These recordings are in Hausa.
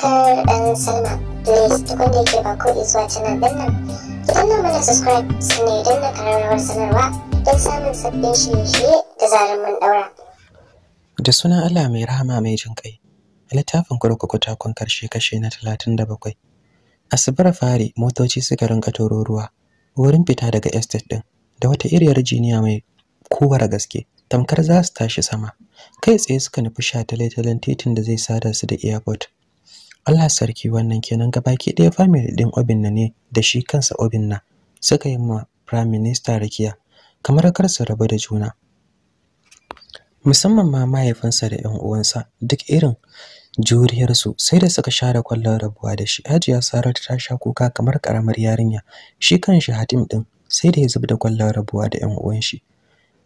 subscribe and sign up. Please ke subscribe sanarwa don samun sabbin da zarar mun sunan Allah mai rahama mai jin kai. Littafin kurkuku takon karshe kashe na talatin da bakwai. fari motoci suka rinka toro ruwa wurin fita daga estate din da wata iriyar jiniya mai kowar gaske tamkar za su tashi sama kai tsaye suka nufi shataletalen titin da zai sada su da airport Allah sarki wannan kenan gabaki ɗaya family din Obinna ne da shi kansa Obinna suka yi ma Prime Minister rakiya kamar kar su rabu da juna musamman ma mahaifinsa da 'yan uwansa duk irin juriyarsu sai da suka share kwallon rabuwa da shi Hajiya Saratu ta sha kuka kamar karamar yarinya shi kanshi Hatim din sai da ya da kwallon rabuwa da 'yan uwan shi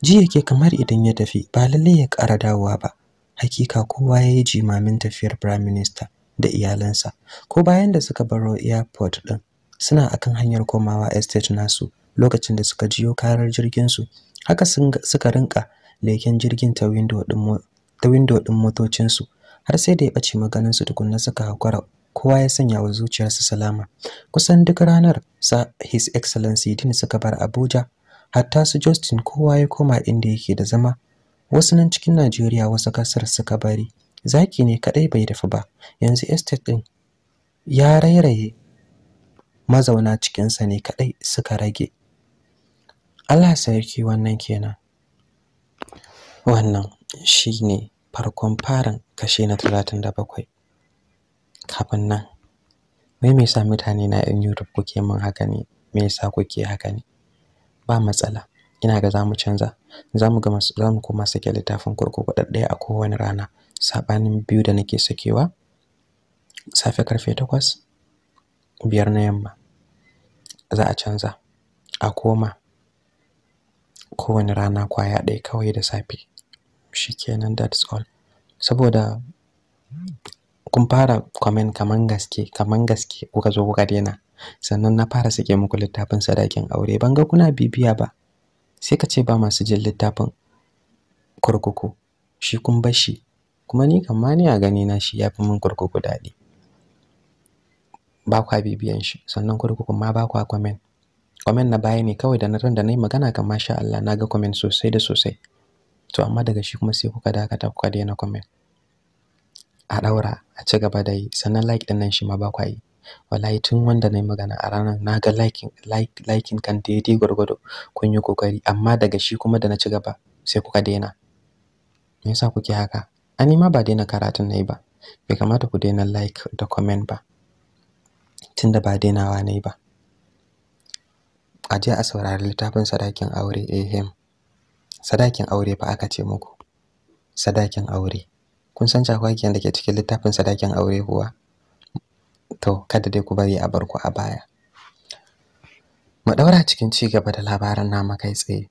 ji yake kamar idan ya tafi ba lallai ya ƙara dawowa ba hakika kowa ya yi jimamin tafiyar prime minister da iyalansa ko bayan da suka baro airport din suna akan hanyar komawa estate nasu lokacin da suka jiyo karar jirgin su haka suka rinka leken jirgin ta window din ta window din motocin su har sai da ya bace maganin su tukunna suka hakura kowa ya sanya wa zuciyarsa salama kusan duk ranar sa his excellency din suka bar Abuja hatta su Justin kowa ya koma inda yake da zama wasu nan cikin Najeriya wasu kasar suka bari zaki ne kadai bai dafa ba yanzu estate din ya rairaye mazauna cikinsa ne kadai suka rage Allah sarki wannan kenan wannan shine farkon farin kashe na 37 kafin nan mai me yasa mutane na yan Europe kuke min haka ne me yasa kuke haka ne ba matsala ina ga zamu canza zamu ga zamu kuma sake littafin kurkuku daddaya a kowane rana saɓanin biyu da nake sakewa safe karfe takwas biyar na yamma za a canza a koma kowane rana kwaya ɗaya kawai da safe shi kenan that's all saboda kun fara comment kaman gaske kaman gaske kuka zo kuka daina sannan na fara sake muku littafin sadakin aure ban ga kuna bibiya ba sai ka ce ba masu jin littafin kurkuku shi kun bashi. kuma ni kamma ni a gani na shi ya fi min kurkuku daɗi ba kwa bibiyan shi sannan kurkuku ma ba kwa kwamen? Kwamen na baya ne kawai da na ran da nayi magana kan masha Allah na ga kwamen sosai da sosai to amma daga shi kuma sai kuka dakata kuka daina kwamen? a ɗaura, a ci gaba da yi sannan like din nan shi ma ba kwa yi wallahi tun wanda nayi magana a ranar naga liking like kan daidai gwargwado kun yi kokari amma daga shi kuma da na ci gaba sai kuka daina me yasa kuke haka ani ma ba daina karatun nayi ba bai kamata ku daina like da comment ba tunda ba dainawa nayi ba a a saurari littafin sadakin aure ehem sadakin aure fa aka ce muku sadakin aure kun san cakwakiyan da ke cikin littafin sadakin aure kuwa to kada dai ku bari a barku a baya mu daura cikin ci gaba da labaran nama kai tsaye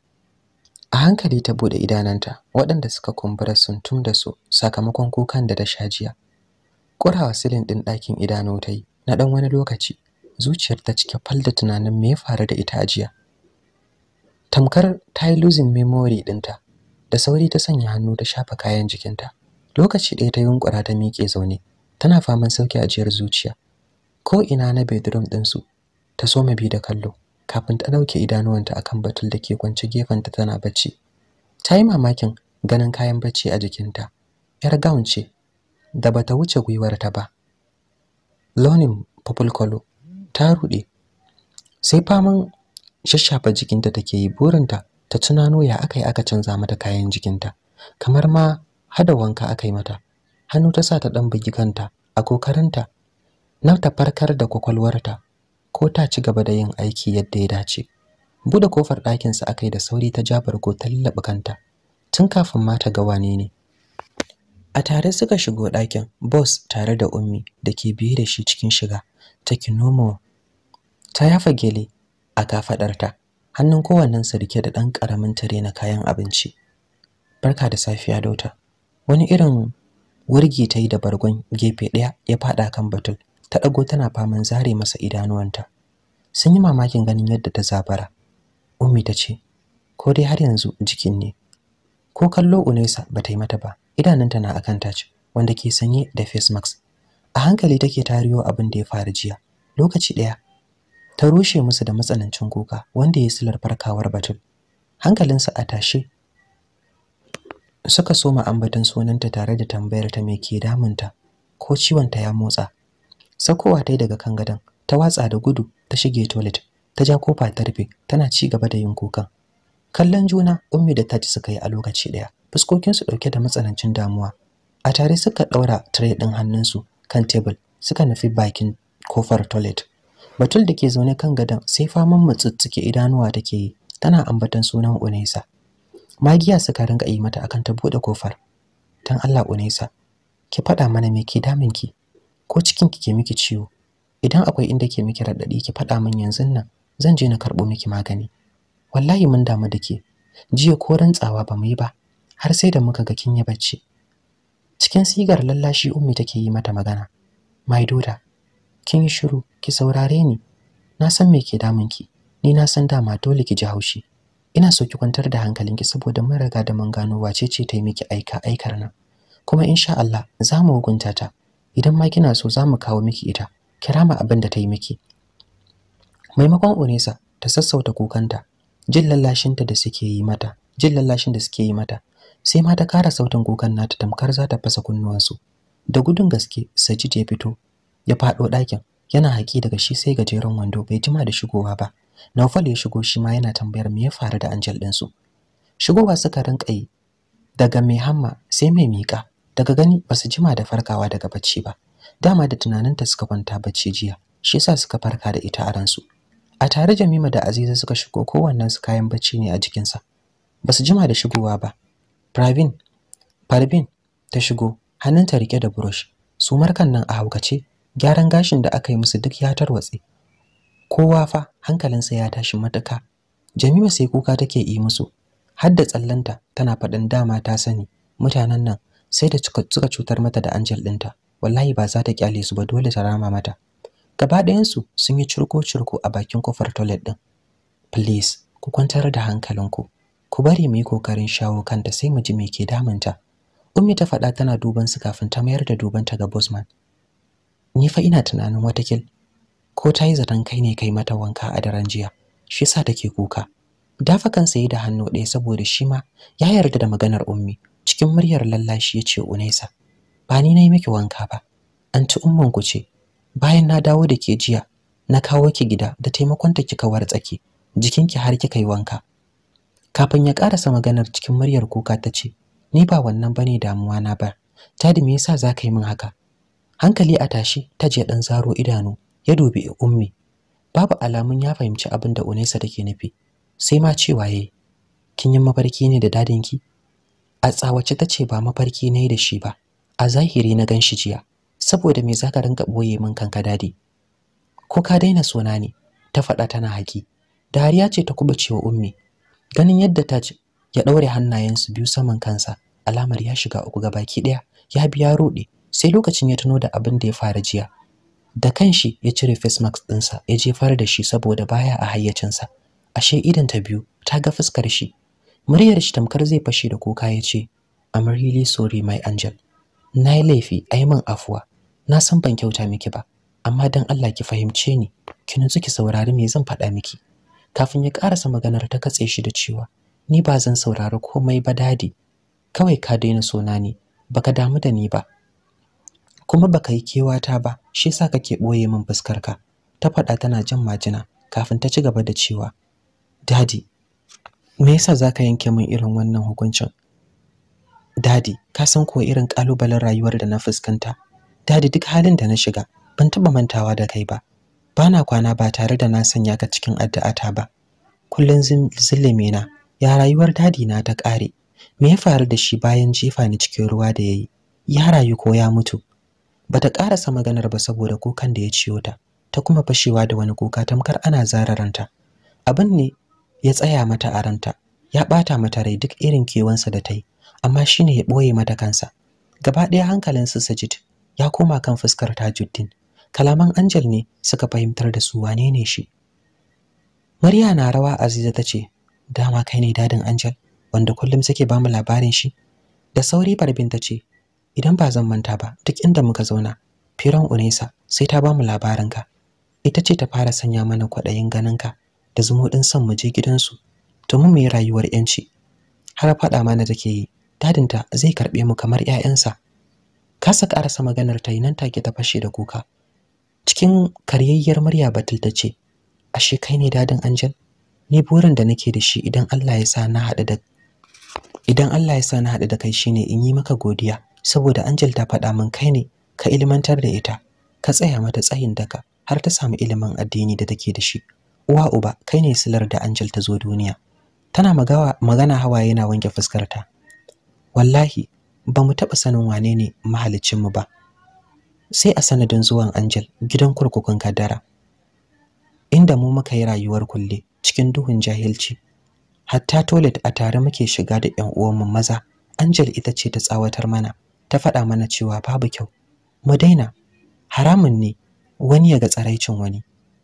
a hankali ta bude idananta waɗanda suka kumbura sun tum da su sakamakon kukan da ta sha jiya ƙurawa silin ɗin ɗakin idanu ta yi na ɗan wani lokaci zuciyar ta cike fal da tunanin me ya faru da ita jiya tamkar ta yi losing memory ɗinta da sauri ta sanya hannu ta shafa kayan jikinta lokaci ɗaya ta yunƙura ta miƙe zaune tana faman sauki ajiyar zuciya ko ina na bedroom ɗinsu ta soma bi da kallo kafin ta dauke idanuwanta akan batul da ke kwance gefenta tana bacci ta yi mamakin ganin kayan bacci a jikinta yar gown ce da bata wuce gwiwarta ba launin purple color ta rude. sai faman shashafa jikinta take yi burinta ta tunano ya aka yi aka canza mata kayan jikinta kamar ma hada wanka aka yi mata hannu ta sa ta ɗan bugi kanta a kokarinta na ta farkar da kwakwalwarta ko ta ci gaba da yin aiki yadda ya dace buɗe kofar ɗakinsa akai da sauri ta ja ko ta kanta tun kafin ma ta ga wane ne a tare suka shigo ɗakin boss tare da ummi da ke biye da shi cikin shiga ta kinomo ta yafa gele a kafaɗarta hannun sa rike da ɗan ƙaramin tare na kayan abinci barka da safiya dauta wani irin wurgi ta yi da bargon gefe ɗaya ya faɗa kan batun. ta ɗago tana faman zare masa idanuwanta sun yi mamakin ganin yadda ta zabara ummi ta ce ko dai har yanzu jikin ne ko kallo Unesa ba ta yi mata ba idanunta na akan tace wanda ke sanye da face mask a hankali take tariyo abin da ya faru jiya lokaci ɗaya ta rushe musu da matsanancin kuka wanda ya silar farkawar batul hankalinsa a tashe suka soma ambaton sunanta tare da tambayar ta me ke damunta ko ciwon ta ya motsa Saukowa ta daga kan gadon, ta watsa da gudu ta shige toilet, ta ja kofa ta rufe, tana ci gaba da yin kukan. Kallon juna Ummi da Taji suka yi a lokaci ɗaya, su ɗauke da matsanancin damuwa. A tare suka ɗaura tire ɗin hannunsu kan tebul, suka nufi bakin kofar toilet. Batul da ke zaune kan gadon sai faman mutsutsuke idanuwa take yi, tana ambatan sunan Unaisa. Magiya suka ringa yi mata akan ta buɗe kofar. Dan Allah Unaisa, ki faɗa mana me ke damin ki? ko cikin ki ke miki ciwo idan akwai inda ke miki radadi ki faɗa min yanzu nan zan je na karɓo miki magani wallahi mun damu da ke jiya ko rantsawa ba mu yi ba har sai da muka ga kin yi bacci cikin sigar lallashi ummi take yi mata magana mai kin yi shiru ki saurare ni na san me ke damun ki ni na san dama dole ki ji haushi ina so ki kwantar da hankalinki saboda mun riga da mun gano wace ce ta yi miki aika aikar nan kuma insha Allah za mu hukunta ta idan ma kina so zamu kawo miki ita kira ma abin da ta yi miki maimakon Unesa ta sassauta kukanta jin lallashinta da suke yi mata jin lallashin da suke yi mata sai ma ta kara sautin kukan nata tamkar za ta fasa kunnuwansu da gudun gaske Sajid ya fito ya faɗo ɗakin yana haƙi daga shi sai gajeren wando bai jima da shigowa ba Naufal ya shigo shi ma yana tambayar me ya faru da Angel ɗinsu. Shigowa suka rinƙa yi daga mai hamma sai mai miƙa daga gani ba su jima da farkawa daga bacci ba dama da tunaninta suka kwanta bacci jiya shi yasa suka farka da ita a ransu a tare Jamima da Aziza suka shigo kowannen su kayan bacci ne a jikinsa ba su jima da shigowa ba Pravin Parvin ta shigo hannunta rike da brush su markan nan a haukace gyaran gashin da aka yi musu duk ya tarwatse kowa fa hankalinsa ya tashi matuka Jamima sai kuka take yi musu har da tsallanta tana faɗin dama ta sani mutanen nan sai da suka cutar mata da Angel ɗinta wallahi ba za ta kyale su ba dole ta rama mata gaba ɗayansu sun yi cirko-cirko a bakin kofar toilet ɗin please ku kwantar da hankalinku ku bari mu yi kokarin shawo kanta sai mu ji me ke damunta ummi ta faɗa tana duban su kafin ta mayar da duban ta ga bosman ni fa ina tunanin watakil ko ta yi zaton kai ne kai mata wanka a daren jiya shi sa take kuka dafa kansa yi da hannu ɗaya saboda shi ma ya yarda da maganar ummi cikin muryar lallashi yace ce Unaisa ba ni nayi miki wanka ba anti umman ku ce bayan na dawo da ke jiya na kawo ki gida da taimakon ta kika tsaki, jikinki har kika yi wanka kafin ya karasa maganar cikin muryar kuka ta ce ni ba wannan bane damuwa na ba tadi me yasa za ka yi min haka hankali a tashi ta je dan zaro idanu ya dubi ummi babu alamun ya fahimci abin da Unaisa take nufi sai ma cewa yayi kin yi mabarki ne da dadinki a tsawace ta ce ba mafarki na yi da shi ba a zahiri na gan shi jiya saboda me za ka rinka ɓoye min kanka dadi ko ka daina sona ne ta faɗa tana haki dariya ce ta kuɓa cewa ummi ganin yadda ta ya ɗaure hannayensu biyu saman kansa alamar ya shiga uku ga baki ɗaya ya biya ruɗe sai lokacin ya tuno da abin da ya fara jiya da kanshi ya cire face mask ɗinsa ya jefar da shi saboda baya a hayyacinsa ashe idan ta biyu ta ga fuskar shi muryar shi tamkar zai fashe da kuka ya ce I'm really sorry my angel na yi laifi ai min afuwa na san ban kyauta miki ba amma dan Allah ki fahimce ni ki nutsu ki saurari me zan faɗa miki kafin ya karasa maganar ta katse shi da cewa ni ba zan saurari komai ba dadi kawai ka daina sona ni baka damu da ni ba kuma baka yi kewata ba shi yasa kake boye min fuskarka ta faɗa tana jin majina kafin ta ci gaba da cewa dadi me yasa zaka yanke min irin wannan hukuncin dadi ka san ko irin kalubalen rayuwar da na fuskanta dadi duk halin da na shiga ban taba mantawa da kai ba bana kwana ba tare da na sanya ka cikin addu'ata ba kullun zillime na ya rayuwar dadi na ta kare me ya faru da shi bayan jefa ni cikin ruwa da yayi ya rayu ko ya mutu bata karasa maganar ba saboda kukan da ya ciyo ta ta kuma fashewa da wani kuka tamkar ana zararanta abin ne ya tsaya mata a ranta ya bata mata rai duk irin kewansa da ta yi amma shine ya boye mata kansa gaba ɗaya hankalin su Sajid ya koma kan fuskar Tajuddin kalaman Angel ne suka fahimtar da su wane ne shi Mariya na rawa Aziza ta ce dama kai ne dadin Angel wanda kullum suke bamu labarin shi da sauri Barbin ta ce idan ba zan manta ba duk inda muka zauna Firan Unesa sai ta bamu ka. ita ce ta fara sanya mana kwaɗayin ganinka da din son mu je gidansu domin mu mai rayuwar yanci har faɗa mana take yi dadinta zai karɓe mu kamar 'ya'yansa kasa ƙarasa maganar ta nan take ta fashe da kuka cikin karyayyar murya batul ta ce ashe kai ne dadin anjan ni burin da nake da shi idan Allah ya sa na haɗu da idan Allah ya sa na hada da kai shine in yi maka godiya saboda anjal ta faɗa min kai ne ka ilmantar da ita ka tsaya mata tsayin daka har ta samu ilimin addini da take da shi uwa uba kai ne silar da Angel ta zo duniya tana magawa magana hawaye na wanke fuskarta wallahi ba mu taɓa sanin wane ne mu ba sai a sanadin zuwan Angel gidan kurkukun kadara. inda mu muka yi rayuwar kulle cikin duhun jahilci hatta toilet a tare muke shiga da ƴan uwanmu maza Angel ita ce ta tsawatar mana ta faɗa mana cewa babu kyau mu daina haramun ne wani ya ga tsaraicin wani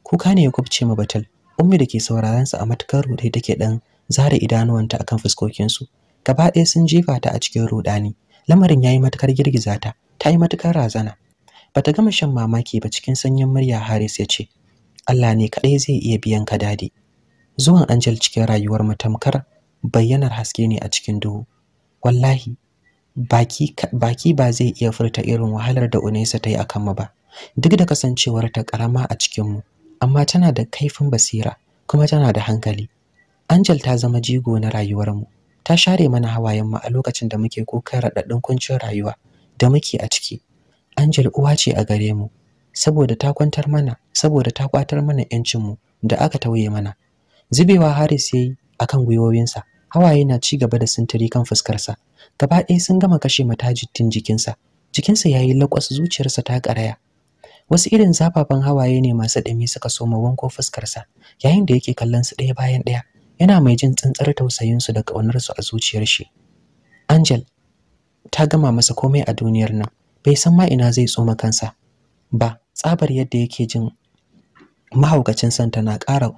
kuka ne ya kwabce ma batal. ummi da ke sauraron sa a matukar rude take dan zare idanuwanta akan fuskokinsu. gaba ɗaya sun jefa ta a cikin rudani lamarin yayi matukar girgiza ta ta yi matukar razana bata gama shan mamaki ba cikin sanyin murya Haris ya ce Allah ne kadai zai iya biyan ka dadi zuwan Angel cikin rayuwar matamkar bayyanar haske ne a cikin duhu wallahi baki baki ba zai iya furta irin wahalar da Unesa ta yi akan mu ba duk da kasancewar ta karama a cikin mu amma tana da kaifin basira kuma tana da hankali Angel ta zama jigo na rayuwarmu ta share mana hawayen mu a lokacin da muke kokar raɗaɗin kuncin rayuwa da muke a ciki Angel uwa ce a gare mu saboda ta kwantar mana saboda ta kwatar mana yancin mu da aka tauye mana zubewa Haris yayi akan gwiwoyinsa hawaye na ci gaba da sintiri kan fuskarsa gaba ɗaya sun gama kashe tun jikinsa jikinsa yayi lakwas zuciyarsa ta karaya wasu irin zafafan hawaye ne masu ɗumi suka soma wanko fuskarsa yayin da yake kallon su ɗaya bayan ɗaya yana mai jin tsantsar tausayinsu da ƙaunarsu a zuciyar shi angel ta gama masa komai a duniyar nan bai san ma ina zai tsoma kansa ba tsabar yadda yake jin mahaukacin santa na ƙara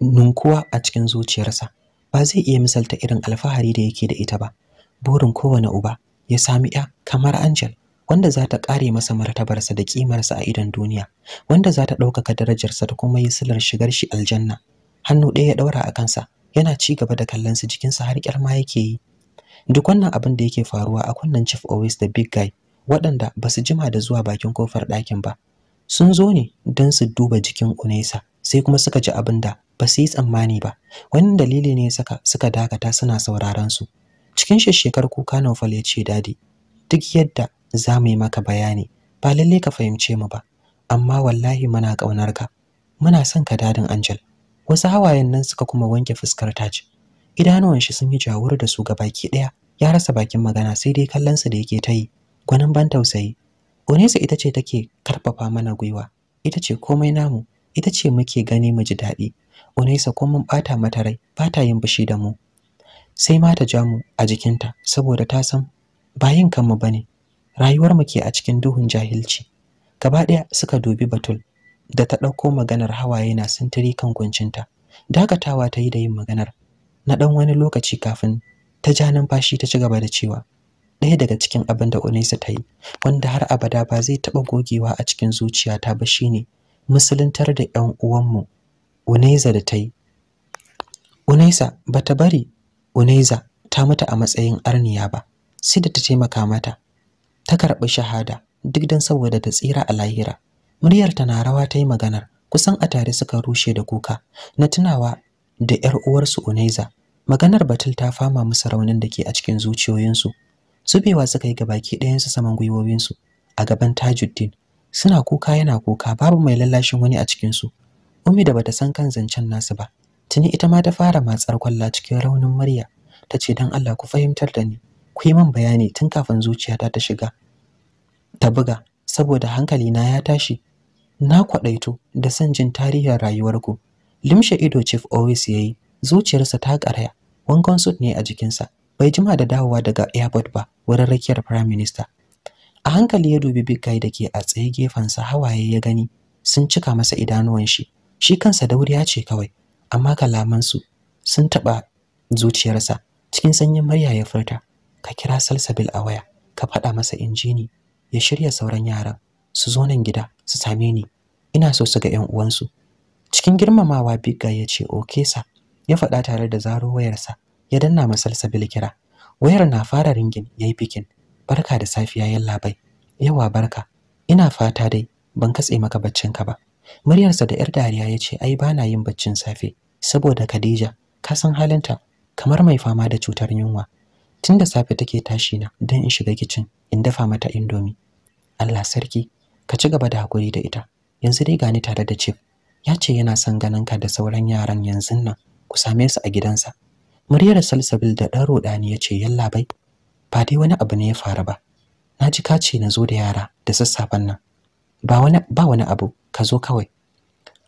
ninkuwa a cikin zuciyarsa ba zai iya misalta irin alfahari da yake da ita ba burin kowane uba ya sami ya kamar angel wanda za ta kare masa martabarsa da kimarsa a idon duniya wanda za ta ɗaukaka darajarsa da kuma yi silar shigar shi aljanna hannu ɗaya ya ɗaura a kansa yana ci gaba da kallon su jikinsa har kyarma yake yi duk wannan abin da yake faruwa a kunnen chief always da big guy waɗanda ba su jima da zuwa bakin kofar ɗakin ba sun zo ne don su duba jikin unesa sai kuma suka ji abin da ba su yi tsammani ba wani dalili ne saka suka dakata suna sauraron su cikin shekar kuka naufal ya ce dadi duk yadda za mu yi maka bayani ba lalle ka fahimce mu ba amma wallahi muna ƙaunar ka muna son ka dadin Angel wasu hawayen nan suka kuma wanke fuskar Taj idanuwan shi sun yi jawur da su gabaki ɗaya, ya rasa bakin magana sai dai kallon su da yake ta yi gwanin ban tausayi Onesa ita ce take karfafa mana gwiwa ita ce komai namu ita ce muke gani mu ji daɗi Onesa ko mun bata mata rai ba ta yin bishi da mu sai ma ta ja mu a jikinta saboda ta san ba yin kanmu bane rayuwar mu ke a cikin duhun jahilci gaba ɗaya suka dubi batul da ta ɗauko maganar hawaye na sintiri kan kuncinta dakatawa ta yi da yin maganar na ɗan wani lokaci kafin ta ja numfashi ta ci gaba da cewa ɗaya daga cikin abin da Unaisa ta yi wanda har abada ba zai taɓa gogewa a cikin zuciyata ba shine musuluntar da ƴan uwanmu Unaisa da ta yi Unaisa bata bari Unaisa ta mutu a matsayin arniya ba sai da ta taimaka mata ta karɓi shahada duk don saboda ta tsira a lahira muryar ta na rawa ta yi maganar kusan a tare suka rushe da kuka na tunawa da ‘yar uwarsu uneza Maganar Batul ta fama musu raunin da ke a cikin zuciyoyinsu. Zubewa suka yi gabaki ɗayansu saman gwiwowinsu a gaban Tajuddin. Suna kuka yana kuka babu mai lallashin wani a cikinsu. Umi da bata san kan zancen nasu ba. Tuni ita ma ta fara matsar kwalla cikin raunin murya. Ta ce don Allah ku fahimtar da ni. ku yi min bayani tun kafin zuciyata ta shiga ta buga saboda hankali na ya tashi na kwaɗaito da son jin tarihin rayuwarku limshe ido chief always yayi yi zuciyarsa ta karaya wankan sut ne a jikinsa bai jima da dawowa daga airport ba wurin rakiyar prime minister a hankali ya dubi big guy da ke a tsaye gefensa hawaye ya gani sun cika masa idanuwan shi shi kansa dauriya ce kawai amma kalamansu sun taɓa zuciyarsa cikin sanyin murya ya furta ka kira salsabil a waya ka faɗa masa injini ya shirya sauran yaran su zo nan gida su same ni ina so su ga 'yan uwansu cikin girmamawa bigga ya ce oke sa ya faɗa tare da zaro wayarsa ya danna salsabil kira wayar na fara ringin yayi bikin barka da safiya yan labai yawa barka ina fata dai ban katse maka baccin ka ba muryarsa da yar dariya ya ce ai bana yin baccin safe saboda Khadija ka san halinta kamar mai fama da cutar yunwa tun da safe take tashi na don in shiga kicin in dafa mata indomi Allah sarki ka ci gaba da hakuri da ita yanzu dai gani tare da chief ya ce yana son ganin ka da sauran yaran yanzu nan ku same su a gidansa muryar salsabil da dan rodani ya ce yalla bai ba dai wani abu ne ya faru ba na ji ka ce na zo da yara da sassafen nan ba wani ba wani abu ka zo kawai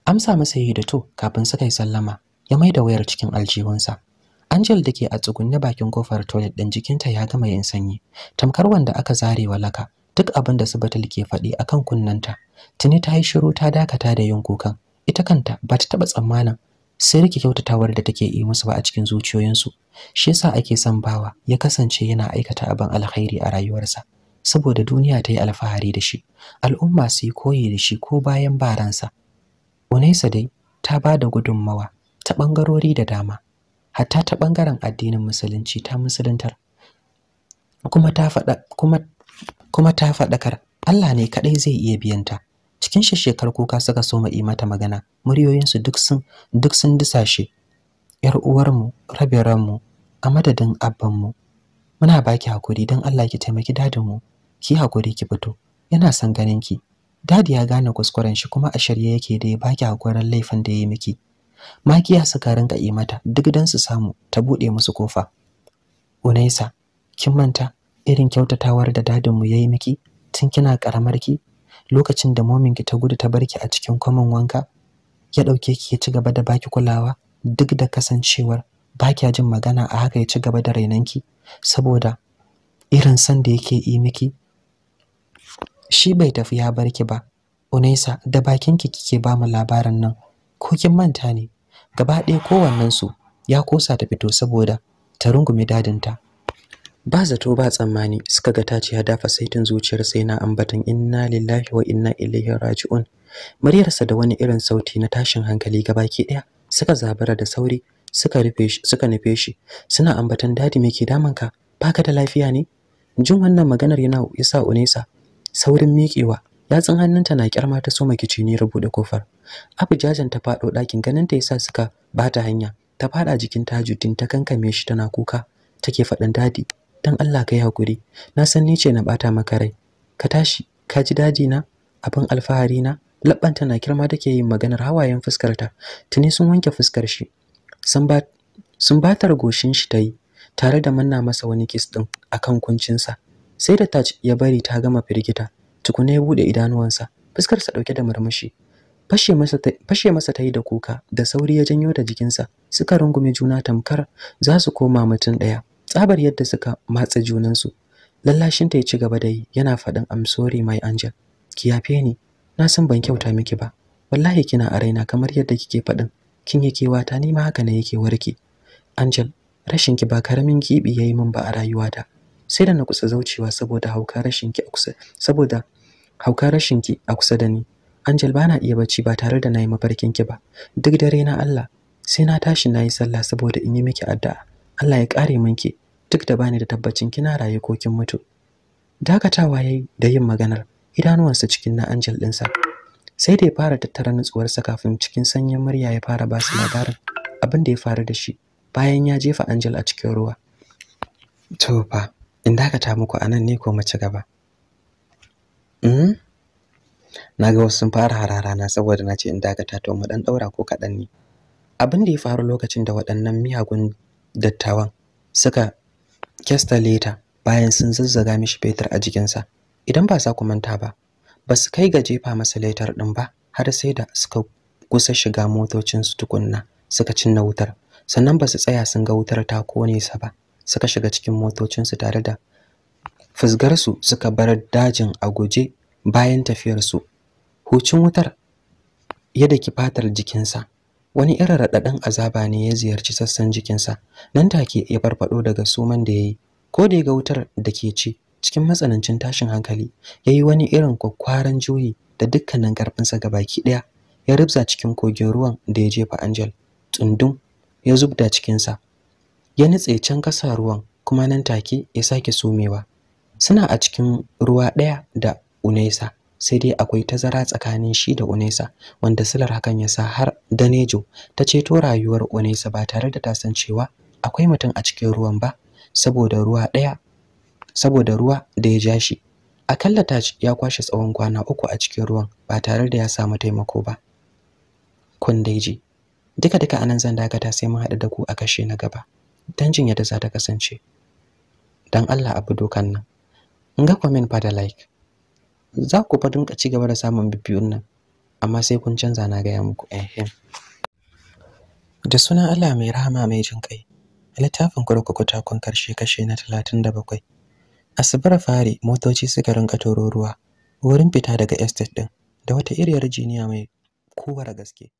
amsa masa yi da to kafin suka yi sallama ya mai da wayar cikin aljihunsa Angel da ke a tsugunne bakin kofar toilet din jikinta ya gama yin sanyi, tamkar wanda aka zare wa laka duk abin da Subatul ke faɗi akan kunnanta. Tuni ta yi shiru ta dakata da yin kukan. Ita kanta ba ta taɓa tsammanin sai rike kyautatawar da take yi musu ba a cikin zuciyoyinsu. Shi yasa ake son bawa ya kasance yana aikata abin alkhairi a rayuwarsa. Saboda duniya ta yi alfahari da shi, al'umma su yi koyi da shi ko bayan baransa. Unaisa dai ta ba da gudunmawa ta bangarori da dama hatta ta bangaren addinin musulunci ta musuluntar kuma ta faɗa kuma kuma ta faɗakar Allah ne kaɗai zai iya biyan ta cikin shekar kuka suka soma yi mata magana muryoyinsu duk sun duk sun dusashe yar uwarmu rabe ranmu a madadin abbanmu muna baki hakuri don Allah ki taimaki dadinmu ki hakuri ki fito yana son ganin ki dadi ya gane kuskuren shi kuma a shirye yake da ya baki hakurin laifin da ya yi miki makiya suka rinka yi mata duk dan su samu ta bude musu kofa unaisa kin manta irin kyautatawar da dadin mu yayi miki tun kina karamar ki lokacin da momin ki ta gudu ta barki a cikin kwamin wanka ya dauke ki ya ci gaba da baki kulawa duk da kasancewar ba kya jin magana a haka ya ci gaba da rainanki saboda irin san da yake yi miki shi bai tafi ya barki ba unaisa da bakin ki kike ba mu labarin nan ko kin manta ne gaba ɗaya kowannen su ya kosa ta fito saboda ta rungume dadinta ba zato ba tsammani suka ga ta ce ya dafa saitin zuciyar sai na ambatan inna lillahi wa inna ilaihi raji'un muryarsa da wani irin sauti na tashin hankali gaba gabaki ɗaya suka zabara da sauri suka rufe shi suka nufe shi suna ambatan dadi me ke ka baka da lafiya ne jin wannan maganar yana isa unesa saurin miƙewa yatsun hannunta na kyarma ta soma kiciniyar rubuɗe kofar abu jajan ta faɗo ɗakin ganin ta yasa suka bata hanya ta faɗa jikin tajuddin ta kankame shi tana kuka take faɗin dadi dan Allah kai hakuri na san ni ce na bata maka rai ka tashi ka ji dadi na abin alfahari na labbanta na kirma take yin maganar hawayen fuskar ta tuni sun wanke fuskar shi sun ba sun batar goshin shi tayi tare da manna masa wani kiss din akan kuncinsa sai da touch ya bari ta gama firgita tukuna ya bude idanuwansa fuskarsa dauke da murmushi fashe masa fashe masa tayi da kuka da sauri ya janyo da jikinsa suka rungume juna tamkar za su koma mutum daya tsabar yadda suka matsa junansu lallashin ta ya ci gaba da yana faɗin I'm sorry my angel ki yafe ni na san ban kyauta miki ba wallahi kina a raina kamar yadda kike faɗin kin yake wata ni ma haka ne yake warke angel rashin ki ba karamin gibi yayi min ba a rayuwata sai da na kusa zaucewa saboda hauka rashin ki a kusa saboda hauka rashin ki a kusa da ni Angel bana iya bacci ba tare da nayi mafarkin ki ba duk dare na Allah sai na tashi nayi sallah saboda in yi miki addu'a Allah ya kare min ki duk da bani da tabbacin kina raye ko kin mutu dakatawa yayi da yin maganar idanuwansa cikin na Angel sa? sai da ya fara tattara nutsuwarsa kafin cikin sanyin murya ya fara ba su labarin abin da ya faru da shi bayan ya jefa Angel a cikin ruwa to fa in dakata muku a nan ne ko mu ci gaba mm na ga wasu sun fara hararana, saboda na ce in dakata to mu dan daura ko kaɗan ne abin da ya faru lokacin da waɗannan miyagun dattawan suka kesta leta bayan sun zazzaga mishi fetur a jikinsa idan ba za ku manta ba ba su kai ga jefa masa letar ɗin ba har sai da suka kusa shiga motocin motocinsu tukunna suka cinna wutar sannan ba su tsaya sun ga wutar ta kone sa ba suka shiga cikin motocinsu tare da fusgarsu suka bar dajin a guje bayan tafiyarsu hucin wutar ya daki fatar jikinsa wani irin raɗaɗen azaba ne ya ziyarci sassan jikinsa nan take ya farfaɗo daga suman da ya yi ko da ga wutar da ke ci cikin matsanancin tashin hankali ya yi wani irin kwakwaran juyi da dukkanin ƙarfinsa baki ɗaya ya rubza cikin kogin ruwan da ya jefa angel Tundun ya zubda cikinsa ya nitse can kasa ruwan kuma nan take ya sake sumewa suna a cikin ruwa ɗaya da unesa, sai dai akwai tazara tsakanin shi da unesa, wanda silar hakan ya sa har Danejo ta ceto rayuwar unesa ba tare da ta san cewa akwai mutum a cikin ruwan ba saboda ruwa daya saboda ruwa da ya ja shi akalla Taj ya kwashe tsawon kwana uku a cikin ruwan ba tare da ya samu taimako ba kun daiji duka duka anan zan dakata sai mun haɗa da ku a kashe na gaba don yadda za ta kasance don Allah abu dokan nan in ga comment fa da like za ku fa dinka ci gaba da samun bibiyun nan amma sai kun canza na gaya muku ehem da sunan Allah mai rahama mai jin kai littafin kurkuku ta kun karshe kashe na 37 asibar fari motoci suka rinka toro ruwa wurin fita daga estate din da wata iriyar jiniya mai kowar gaske